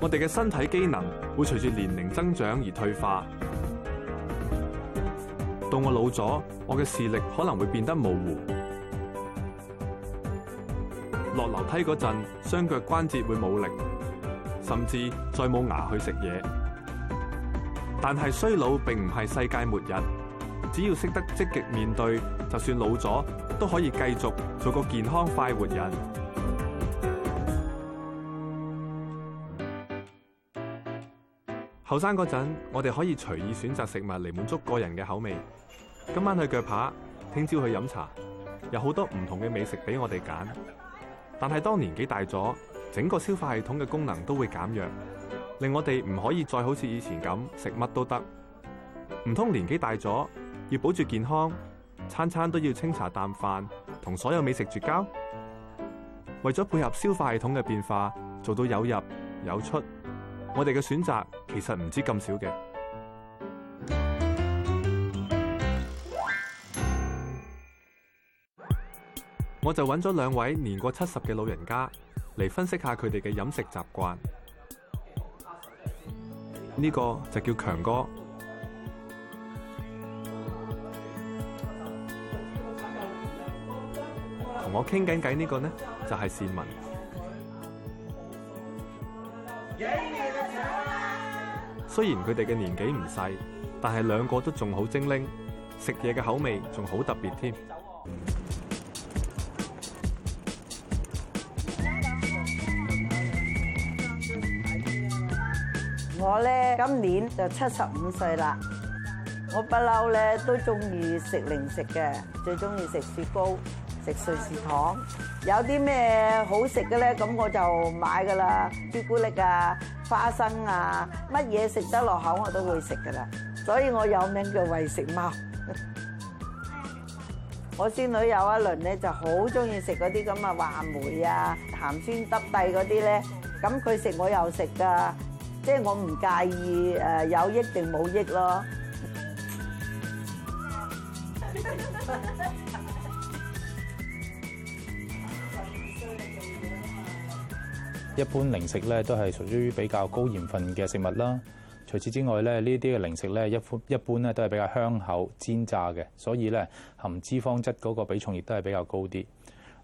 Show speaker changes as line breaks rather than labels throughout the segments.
我哋嘅身體機能會隨住年齡增長而退化，到我老咗，我嘅視力可能會變得模糊，落樓梯嗰陣，雙腳關節會冇力，甚至再冇牙去食嘢。但係衰老並唔係世界末日，只要識得積極面對，就算老咗，都可以繼續做個健康快活人。後生嗰陣，我哋可以隨意選擇食物嚟滿足個人嘅口味。今晚去鋸扒，聽朝去飲茶，有好多唔同嘅美食俾我哋揀。但係當年紀大咗，整個消化系統嘅功能都會減弱，令我哋唔可以再好似以前咁食乜都得。唔通年紀大咗要保住健康，餐餐都要清茶淡飯，同所有美食絕交？為咗配合消化系統嘅變化，做到有入有出。我哋嘅選擇其實唔知咁少嘅，我就揾咗兩位年過七十嘅老人家嚟分析下佢哋嘅飲食習慣。呢個就叫強哥，同我傾緊偈呢個呢就係善文。雖然佢哋嘅年紀唔細，但係兩個都仲好精靈，食嘢嘅口味仲好特別添。
我咧今年就七十五歲啦，我不嬲咧都中意食零食嘅，最中意食雪糕、食瑞士糖，有啲咩好食嘅咧，咁我就買噶啦，朱古力啊。花生啊，乜嘢食得落口我都會食噶啦，所以我有名叫為食貓。我孫女有一輪咧就好中意食嗰啲咁啊話梅啊，鹹酸得滯嗰啲咧，咁佢食我又食噶，即係我唔介意誒有益定冇益咯。
一般零食咧都係屬於比較高鹽分嘅食物啦。除此之外咧，呢啲嘅零食咧一般一般咧都係比較香口煎炸嘅，所以咧含脂肪質嗰個比重亦都係比較高啲。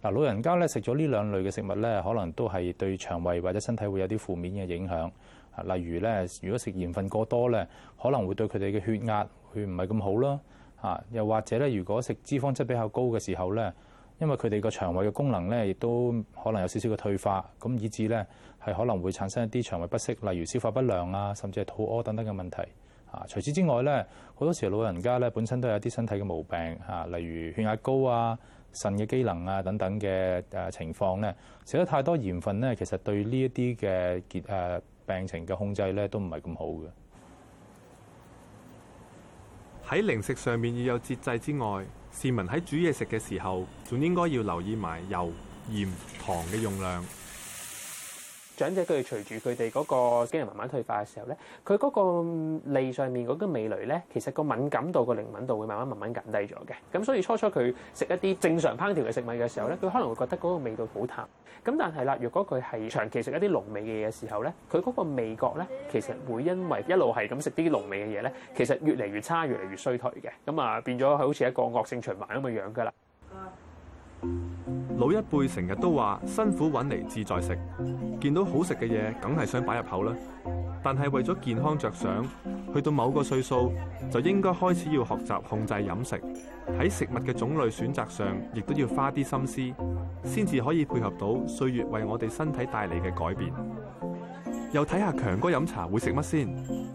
嗱，老人家咧食咗呢兩類嘅食物咧，可能都係對腸胃或者身體會有啲負面嘅影響。啊，例如咧，如果食鹽分過多咧，可能會對佢哋嘅血壓血唔係咁好啦。啊，又或者咧，如果食脂肪質比較高嘅時候咧，因為佢哋個腸胃嘅功能咧，亦都可能有少少嘅退化，咁以致咧係可能會產生一啲腸胃不適，例如消化不良啊，甚至係肚屙等等嘅問題啊。除此之外咧，好多時老人家咧本身都有啲身體嘅毛病嚇，例如血壓高啊、腎嘅機能啊等等嘅誒情況咧，食得太多鹽分咧，其實對呢一啲嘅結誒、啊、病情嘅控制咧都唔係咁好嘅。喺零食上面要有節制之外，市民喺
煮嘢食嘅時候，仲應該要留意埋油、鹽、糖嘅用量。
長者佢哋隨住佢哋嗰個機能慢慢退化嘅時候咧，佢嗰個脷上面嗰個味蕾咧，其實個敏感度、個靈敏度會慢慢慢慢減低咗嘅。咁所以初初佢食一啲正常烹調嘅食物嘅時候咧，佢可能會覺得嗰個味道好淡。咁但係啦，如果佢係長期食一啲濃味嘅嘢嘅時候咧，佢嗰個味覺咧，其實會因為一路係咁食啲濃味嘅嘢咧，其實越嚟越差、越嚟越衰退嘅。咁啊，變咗係好似一個惡性循環咁嘅樣㗎啦。老一輩成日都話辛苦搵嚟志在食，
見到好食嘅嘢，梗係想擺入口啦。但係為咗健康着想，去到某個歲數就應該開始要學習控制飲食，喺食物嘅種類選擇上，亦都要花啲心思，先至可以配合到歲月為我哋身體帶嚟嘅改變。又睇下強哥飲茶會食乜先？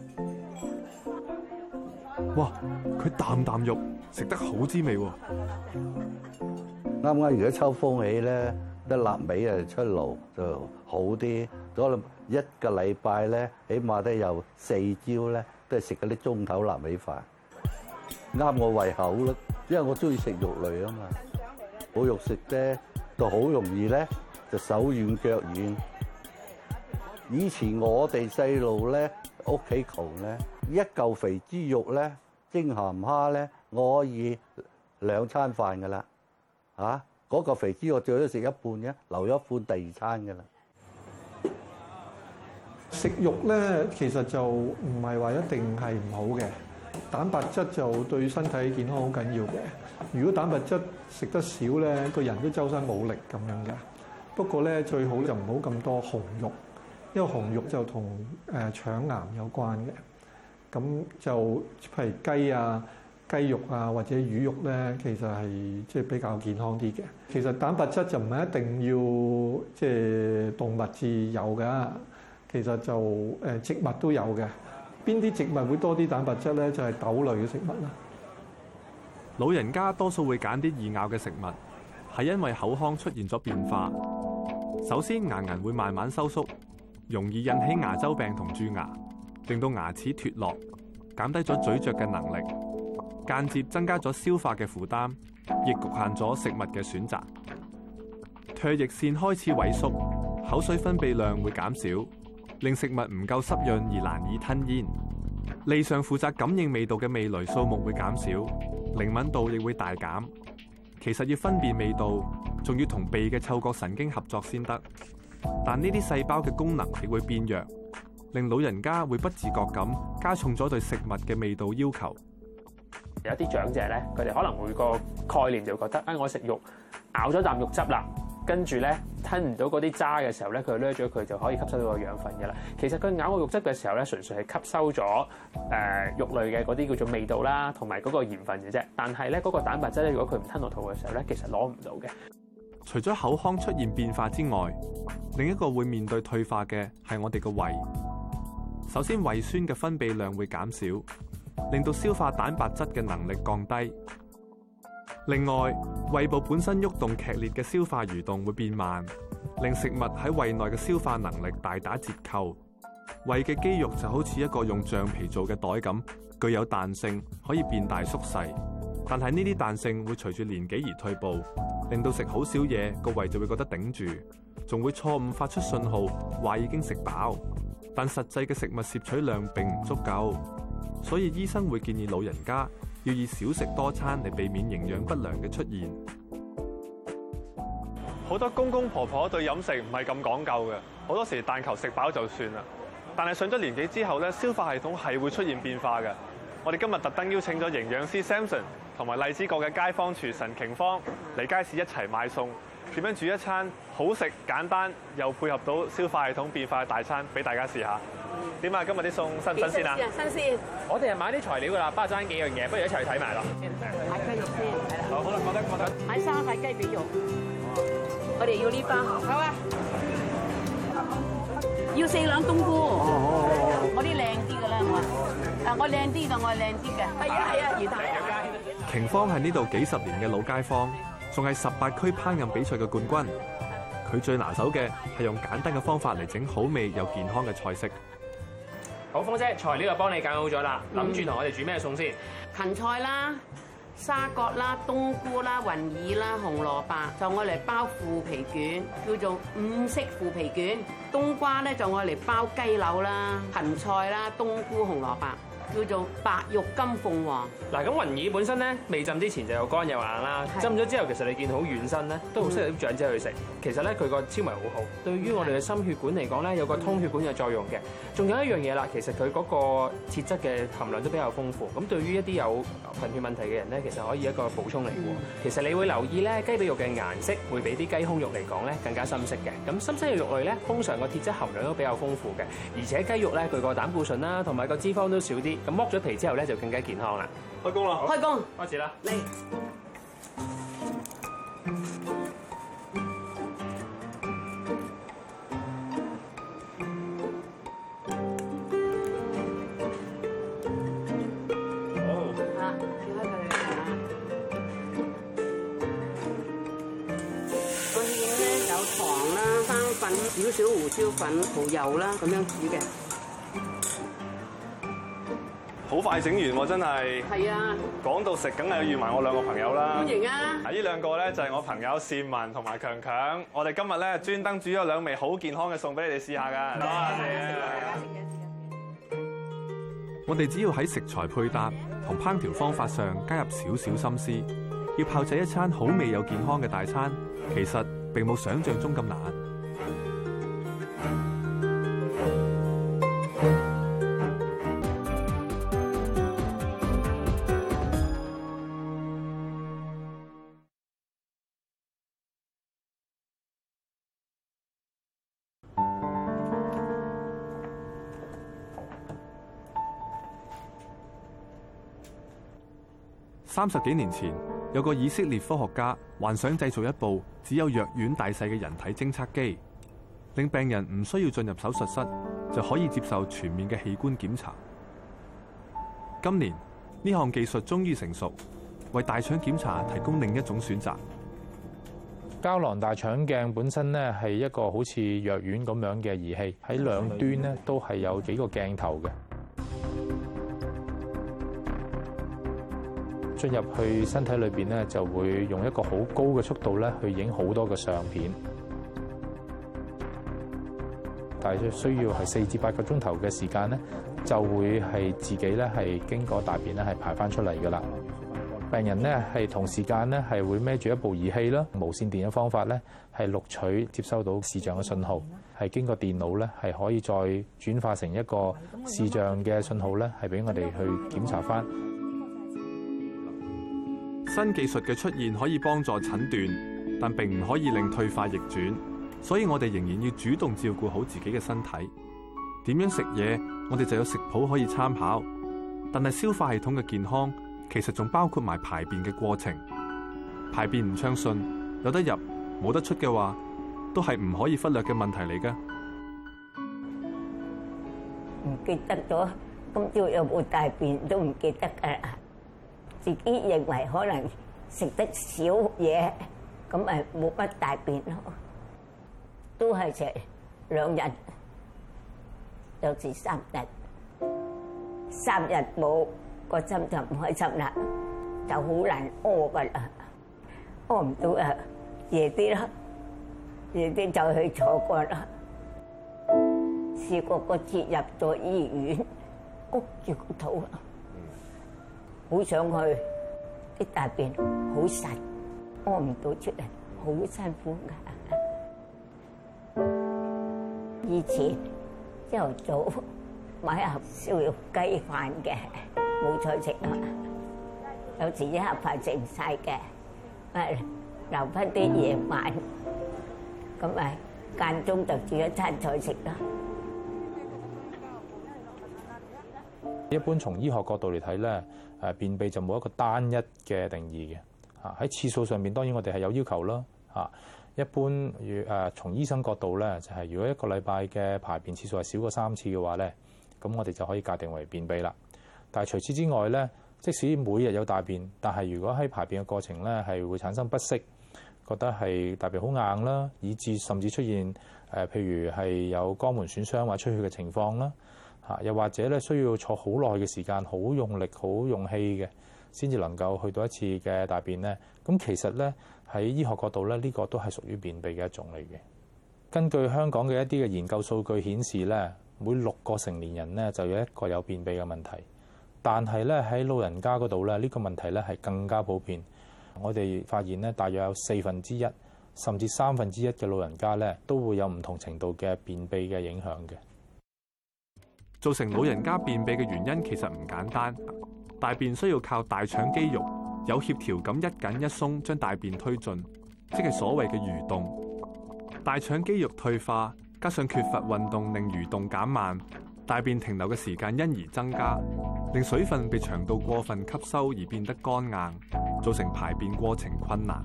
哇，佢啖啖肉食得好滋味喎！
啱啱如果秋風起咧，啲臘味誒出爐就好啲。嗰度一個禮拜咧，起碼都有四朝咧，都係食嗰啲中頭臘味飯，啱我胃口咯，因為我中意食肉類啊嘛。冇肉食啫就好容易咧就手軟腳軟。以前我哋細路咧，屋企窮咧，一嚿肥豬肉咧，蒸鹹蝦咧，我可以兩餐飯噶啦。嚇、啊！嗰、那個肥豬，我最多食一半嘅，留咗一半第二餐㗎啦。食肉咧，其實就唔係話一定係唔好嘅，蛋白質就對身體健康好緊要嘅。如果蛋白質食得少咧，個人都周身冇力咁樣嘅。不過咧，最好就唔好咁多紅肉，因為紅肉就同誒、呃、腸癌有關嘅。咁就譬如雞啊。雞肉啊，或者魚肉呢，其實係即係比較健康啲嘅。其實蛋白質就唔係一定要即動物自有㗎，其實就誒植物都有嘅。邊啲植物會多啲蛋白質呢？就係豆類嘅食物啦。
老人家多數會揀啲易咬嘅食物，係因為口腔出現咗變化。首先，牙齦會慢慢收縮，容易引起牙周病同蛀牙，令到牙齒脫落，減低咗咀嚼嘅能力。間接增加咗消化嘅負擔，亦局限咗食物嘅選擇。唾液腺開始萎縮，口水分泌量會減少，令食物唔夠濕潤而難以吞嚥。脷上負責感應味道嘅味蕾數目會減少，靈敏度亦會大減。其實要分辨味道，仲要同鼻嘅嗅覺神經合作先得。但呢啲細胞嘅功能亦會變弱，令老人家會不自覺咁加重咗對食物嘅味道要求。
有啲長者咧，佢哋可能會有個概念就覺得，哎，我食肉咬咗啖肉汁啦，跟住咧吞唔到嗰啲渣嘅時候咧，佢掠咗佢就可以吸收到個養分嘅啦。其實佢咬個肉汁嘅時候咧，純粹係吸收咗誒、呃、肉類嘅嗰啲叫做味道啦，同埋嗰個鹽分嘅啫。但係咧，嗰、嗰個蛋白質咧，如果佢唔吞落肚嘅時候咧，其實攞唔到嘅。
除咗口腔出現變化之外，另一個會面對退化嘅係我哋個胃。首先，胃酸嘅分泌量會減少。令到消化蛋白質嘅能力降低。另外，胃部本身喐動劇烈嘅消化蠕動會變慢，令食物喺胃內嘅消化能力大打折扣。胃嘅肌肉就好似一個用橡皮做嘅袋咁，具有彈性，可以變大縮細。但係呢啲彈性會隨住年紀而退步，令到食好少嘢個胃就會覺得頂住，仲會錯誤發出信號，話已經食飽，但實際嘅食物攝取量並唔足夠。所以醫生會建議老人家要以少食多餐嚟，避免營養不良嘅出現。好多公公婆婆對飲食唔係咁講究嘅，好多時但求食飽就算啦。但係上咗年紀之後咧，消化系統係會出現變化嘅。我哋今日特登邀請咗營養師 Samson 同埋荔枝角嘅街坊廚神瓊芳嚟街市一齊買餸，點樣煮一餐好食簡單又配合到消化系統變化嘅大餐俾大家試下。點啊！今日啲餸新鮮先啊！新
鮮，我哋
係買啲材料㗎啦，不爭幾樣嘢，不如一齊去睇埋咯。買雞肉先，係啦。好，我睇我
睇買三塊雞髀肉。我哋要呢包，係嘛？要四兩冬菇。我啲靚啲㗎啦，我啊。我靚啲就我係靚啲嘅。係啊係啊，魚蛋。
瓊芳係呢度幾十年嘅老街坊，仲係十八區烹飪比賽嘅冠軍。佢最拿手嘅係用簡單嘅方法嚟整好味又健康嘅菜式。
好，方姐，材料就幫你揀好咗啦。
諗住同我哋煮咩餸先？芹菜啦、沙葛啦、冬菇啦、雲
耳啦、紅蘿蔔，就愛嚟包腐皮卷，叫做五色腐皮卷。冬瓜咧就愛嚟包雞柳啦、芹菜啦、冬菇、紅蘿蔔。叫做白
玉金鳳凰。嗱，咁雲耳本身咧未浸之前就又乾又硬啦，浸咗之後其實你見好軟身咧，都好適合啲長者去食、嗯。其實咧佢個纖維好好，對於我哋嘅心血管嚟講咧有個通血管嘅作用嘅。仲、嗯、有一樣嘢啦，其實佢嗰個鐵質嘅含量都比較豐富。咁對於一啲有貧血問題嘅人咧，其實可以一個補充嚟嘅、嗯。其實你會留意咧，雞髀肉嘅顏色會比啲雞胸肉嚟講咧更加深色嘅。咁深色嘅肉類咧，通常個鐵質含量都比較豐富嘅，而且雞肉咧佢個膽固醇啦同埋個脂肪都少啲。咁剝咗皮之後咧，就更加健康啦！開工啦！開工開始啦！嚟。好啊，切開佢嚟睇下。
我料咧有糖啦、生粉、少少
胡椒粉、蠔油啦，咁樣煮嘅。
好快整完喎，真係，講到食梗係要預埋我兩個朋友啦。歡迎啊！啊，呢兩個咧就係我朋友善文同埋強強。我哋今日咧專登煮咗兩味好健康嘅餸俾你哋試下㗎。多謝。我哋只要喺食材配搭同烹調方法上加入少少心思，要炮製一餐好味又健康嘅大餐，其實並冇想象中咁難。三十幾年前，有個以色列科學家幻想製造一部只有藥丸大細嘅人體偵測機，令病人唔需要進入手術室就可以接受全面嘅器官檢查。今年呢項技術終於成熟，為大腸檢查提供另一種選
擇。膠囊大腸鏡本身呢係一個好似藥丸咁樣嘅儀器，喺兩端呢都係有幾個鏡頭嘅。進入去身體裏邊咧，就會用一個好高嘅速度咧，去影好多嘅相片。大約需要係四至八個鐘頭嘅時間咧，就會係自己咧係經過大便咧係排翻出嚟噶啦。病人咧係同時間咧係會孭住一部儀器啦，無線電嘅方法咧係錄取接收到視像嘅信號，係經過電腦咧係可以再轉化成一個視像嘅信號咧，係俾我哋去檢查翻。
新技術嘅出現可以幫助診斷，但並唔可以令退化逆轉，所以我哋仍然要主動照顧好自己嘅身體。點樣食嘢，我哋就有食譜可以參考。但係消化系統嘅健康，其實仲包括埋排便嘅過程。排便唔暢順，有得入冇得出嘅話，都係唔可以忽略嘅問題嚟噶。唔
記得咗，今朝有冇大便都唔記得。自己認為可能食得少嘢，咁咪冇乜大便咯。都係食兩日，就至三日，三日冇個針就唔開心啦，就好難屙噶啦，屙唔到啊，夜啲啦，夜啲就去坐過啦，試過個節入咗醫院，谷住個肚。好想去，啲大便好實，屙唔到出嚟，好辛苦噶。以前朝頭早買一盒燒肉雞飯嘅，冇菜食啊，有時一盒飯食唔晒嘅，咪留翻啲嘢飯，咁咪間中就煮一餐菜食啦。
一般從醫學角度嚟睇咧，誒便秘就冇一個單一嘅定義嘅。喺次數上面，當然我哋係有要求啦。一般從醫生角度咧，就係如果一個禮拜嘅排便次數係少過三次嘅話咧，咁我哋就可以界定為便秘啦。但係除此之外咧，即使每日有大便，但係如果喺排便嘅過程咧係會產生不適，覺得係大便好硬啦，以致甚至出現譬如係有肛門損傷或者出血嘅情況啦。啊！又或者咧，需要坐好耐嘅時間，好用力、好用氣嘅，先至能夠去到一次嘅大便呢。咁其實呢，喺醫學角度咧，呢個都係屬於便秘嘅一種嚟嘅。根據香港嘅一啲嘅研究數據顯示呢，每六個成年人呢，就有一個有便秘嘅問題，但係呢，喺老人家嗰度呢，呢個問題呢係更加普遍。我哋發現呢，大約有四分之一甚至三分之一嘅老人家呢，都會有唔同程度嘅便秘嘅影響嘅。
造成老人家便秘嘅原因其實唔簡單，大便需要靠大腸肌肉有協調咁一緊一鬆將大便推進，即係所謂嘅蠕動。大腸肌肉退化，加上缺乏運動，令蠕動減慢，大便停留嘅時間因而增加，令水分被腸道過分吸收而變得乾硬，造成排便過程困難。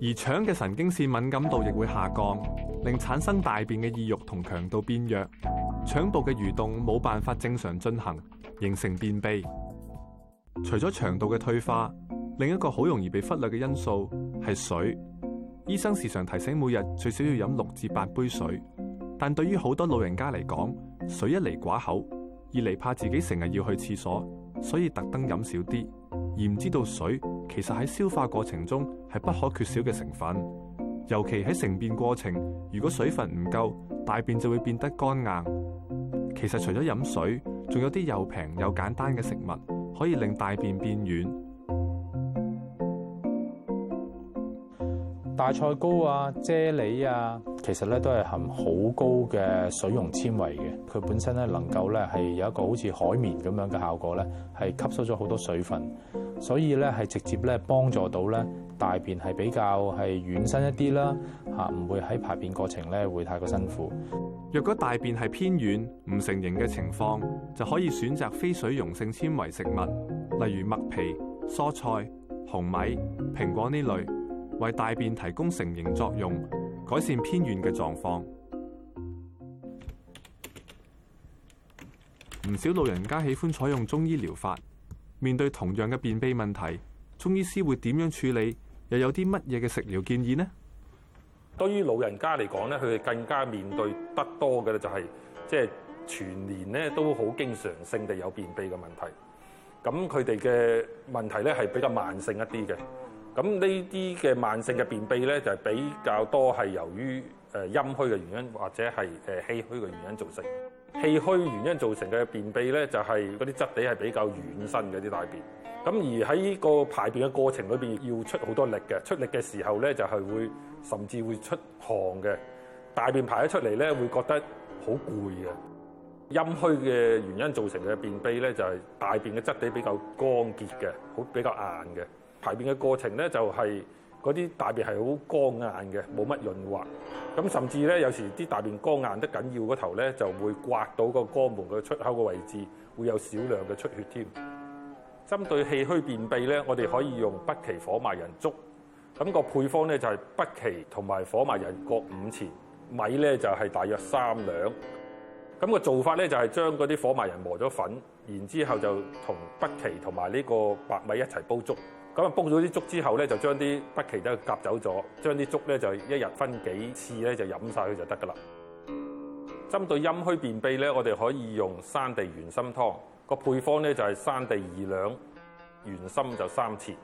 而腸嘅神經線敏感度亦會下降，令產生大便嘅意欲同強度變弱，腸部嘅蠕動冇辦法正常進行，形成便秘。除咗腸道嘅退化，另一個好容易被忽略嘅因素係水。醫生時常提醒每日最少要飲六至八杯水，但對於好多老人家嚟講，水一嚟寡口，二嚟怕自己成日要去廁所，所以特登飲少啲，而唔知道水。其實喺消化過程中係不可缺少嘅成分，尤其喺成便過程，如果水分唔夠，大便就會變得乾硬。其實除咗飲水，仲有啲又平又簡單嘅食
物，可以令大便變軟。大菜糕啊、啫喱啊，其實咧都係含好高嘅水溶纖維嘅，佢本身咧能夠咧係有一個好似海綿咁樣嘅效果咧，係吸收咗好多水分，所以咧係直接咧幫助到咧大便係比較係軟身一啲啦，嚇唔會喺排便過程咧會太過辛苦。
若果大便係偏軟、唔成形嘅情況，就可以選擇非水溶性纖維食物，例如麥皮、蔬菜、紅米、蘋果呢類。為大便提供成型作用，改善偏軟嘅狀況。唔少老人家喜歡採用中醫療法。面對同樣嘅便秘問題，中醫師會點樣處理？又有啲乜嘢嘅食療建議呢？
對於老人家嚟講咧，佢哋更加面對得多嘅咧，就是，就係即係全年咧都好經常性地有便秘嘅問題。咁佢哋嘅問題咧係比較慢性一啲嘅。咁呢啲嘅慢性嘅便秘咧，就係比較多係由於誒陰虛嘅原因，或者係誒氣虛嘅原因造成。氣虛原因造成嘅便秘咧，就係嗰啲質地係比較軟身嘅啲大便。咁而喺呢個排便嘅過程裏邊，要出好多力嘅。出力嘅時候咧，就係會甚至會出汗嘅。大便排咗出嚟咧，會覺得好攰嘅。陰虛嘅原因造成嘅便秘咧，就係大便嘅質地比較乾結嘅，好比較硬嘅。排便嘅過程咧，就係嗰啲大便係好乾硬嘅，冇乜潤滑。咁甚至咧，有時啲大便乾硬得緊要，個頭咧就會刮到個肛門個出口個位置，會有少量嘅出血添。針對氣虛便秘咧，我哋可以用北芪火麻仁粥。咁個配方咧就係北芪同埋火麻仁各五錢，米咧就係大約三兩。咁個做法咧就係將嗰啲火麻仁磨咗粉，然之後就同北芪同埋呢個白米一齊煲粥。咁啊煲咗啲粥之後咧，就將啲北芪都夾走咗，將啲粥咧就一日分幾次咧就飲晒佢就得㗎啦。針對陰虛便秘咧，我哋可以用山地圓心湯。個配方咧就係山地二兩，圓心就三錢。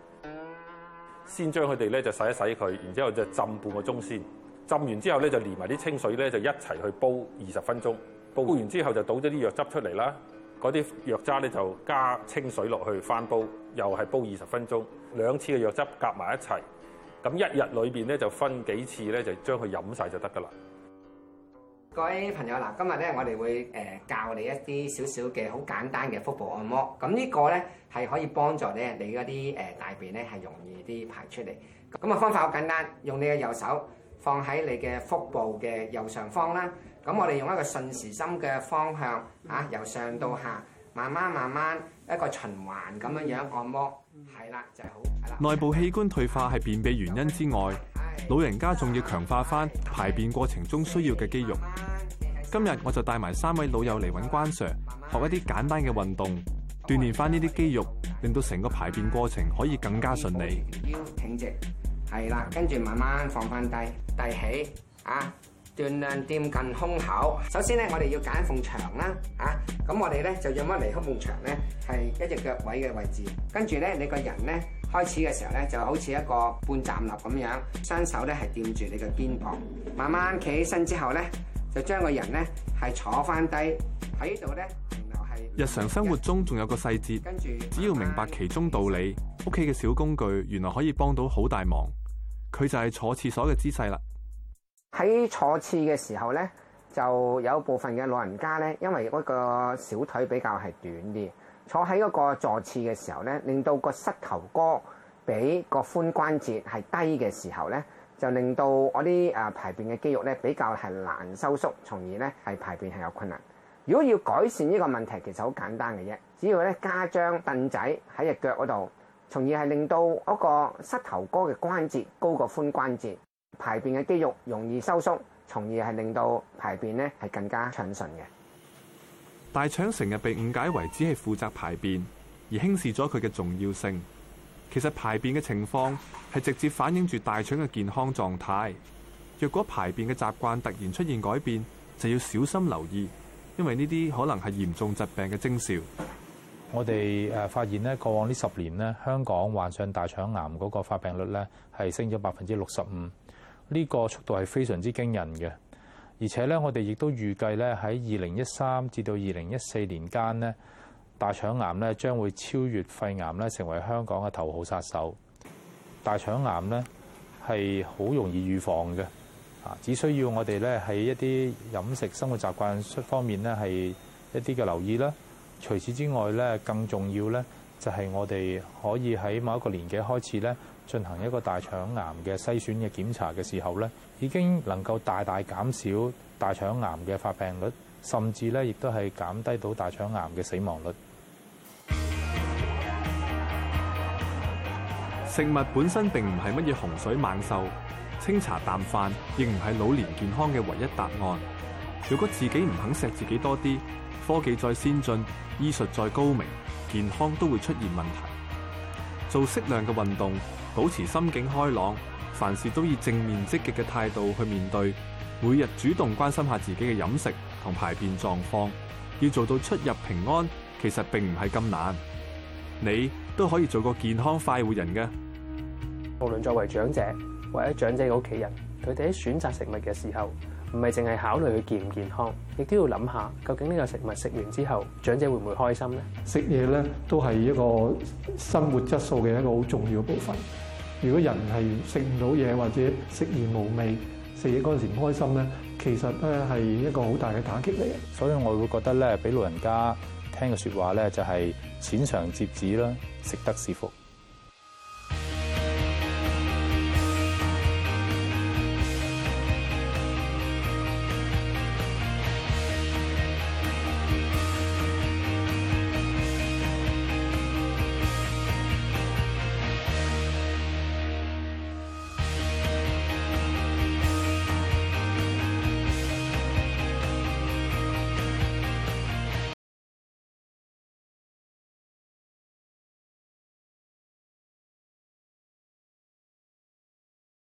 先將佢哋咧就洗一洗佢，然之後就浸半個鐘先。浸完之後咧就連埋啲清水咧就一齊去煲二十分鐘。煲完之後就倒咗啲藥汁出嚟啦。嗰啲藥渣咧就加清水落去翻煲，又係煲二十分鐘，兩次嘅藥汁夾埋一齊。咁一日裏邊咧就分幾次咧，就將佢飲晒就得㗎啦。
各位朋友嗱，今日咧我哋會誒教你一啲少少嘅好簡單嘅腹部按摩。咁呢個咧係可以幫助咧你嗰啲誒大便咧係容易啲排出嚟。咁啊方法好簡單，用你嘅右手放喺你嘅腹部嘅右上方啦。咁我哋用一個順時針嘅方向，嚇、啊、由上到下，慢慢慢慢一個循環咁樣樣按摩，係、嗯、啦，就係、是、好內
部器官退化係便秘原因之外，嗯、老人家仲要強化翻、嗯、排便過程中需要嘅肌肉。嗯、今日我就帶埋三位老友嚟揾關 sir、嗯、學一啲簡單嘅運動，鍛鍊翻呢啲肌肉，嗯、令到成個排便過程可以更加順利。
腰挺直，係啦，跟住慢慢放翻低，遞起，啊！儘量掂近胸口。首先咧，啊、我哋要揀幅牆啦，嚇。咁我哋咧就用乜嚟離開幅牆呢咧？係一隻腳位嘅位置。跟住咧，你個人咧開始嘅時候咧，就好似一個半站立咁樣，雙手咧係掂住你嘅肩膀。慢慢企起身之後咧，就將個人咧係坐翻低喺呢度咧，原
來係日常生活中仲有個細節。跟住只要慢慢明白其中道理，屋企嘅小工具原來可以幫到好大忙。佢就係坐廁所嘅姿勢啦。
喺坐廁嘅時候呢，就有部分嘅老人家呢，因為嗰個小腿比較係短啲，坐喺嗰個坐廁嘅時候呢，令到個膝頭哥比個髖關節係低嘅時候呢，就令到我啲啊排便嘅肌肉呢比較係難收縮，從而呢係排便係有困難。如果要改善呢個問題，其實好簡單嘅啫，只要呢加張凳仔喺隻腳嗰度，從而係令到嗰個膝頭哥嘅關節高過髖關節。排便嘅肌肉容易收縮，從而係令到排便咧係更加暢順嘅。
大腸成日被誤解為只係負責排便，而輕視咗佢嘅重要性。其實排便嘅情況，係直接反映住大腸嘅健康狀態。若果排便嘅習慣突然出現改變，就要小心留意，因為呢啲可能係嚴重疾病
嘅徵兆。我哋誒發現咧，過往呢十年咧，香港患上大腸癌嗰個發病率咧係升咗百分之六十五。呢個速度係非常之驚人嘅，而且咧，我哋亦都預計咧喺二零一三至到二零一四年間呢，大腸癌咧將會超越肺癌咧，成為香港嘅頭號殺手。大腸癌咧係好容易預防嘅，啊，只需要我哋咧喺一啲飲食生活習慣方面咧係一啲嘅留意啦。除此之外咧，更重要咧就係我哋可以喺某一個年紀開始咧。進行一個大腸癌嘅篩選嘅檢查嘅時候咧，已經能夠大大減少大腸癌嘅發病率，甚至咧亦都係減低到大腸癌嘅死亡率。食物本身並唔係乜嘢洪水猛
獸，清茶淡飯亦唔係老年健康嘅唯一答案。如果自己唔肯錫自己多啲，科技再先進，醫術再高明，健康都會出現問題。做適量嘅運動。保持心境開朗，凡事都以正面積極嘅態度去面對。每日主動關心下自己嘅飲食同排便狀況，要做到出入平安，其實並唔係咁難。你都可以做個健康快活人嘅。
無論作為長者或者長者嘅屋企人，佢哋喺選擇食物嘅時候，唔係淨係考慮佢健唔健康，亦都要諗下究竟呢個食物食完之後，長者會唔會開心咧？
食嘢咧都係一個生活質素嘅一個好重要嘅部分。如果人係食唔到嘢
或者食而無味，食嘢嗰陣時唔開心咧，其實咧係一個好大嘅打擊嚟。所以我會覺得咧，俾老人家聽嘅説話咧，就係淺嘗輒止啦，食得是福。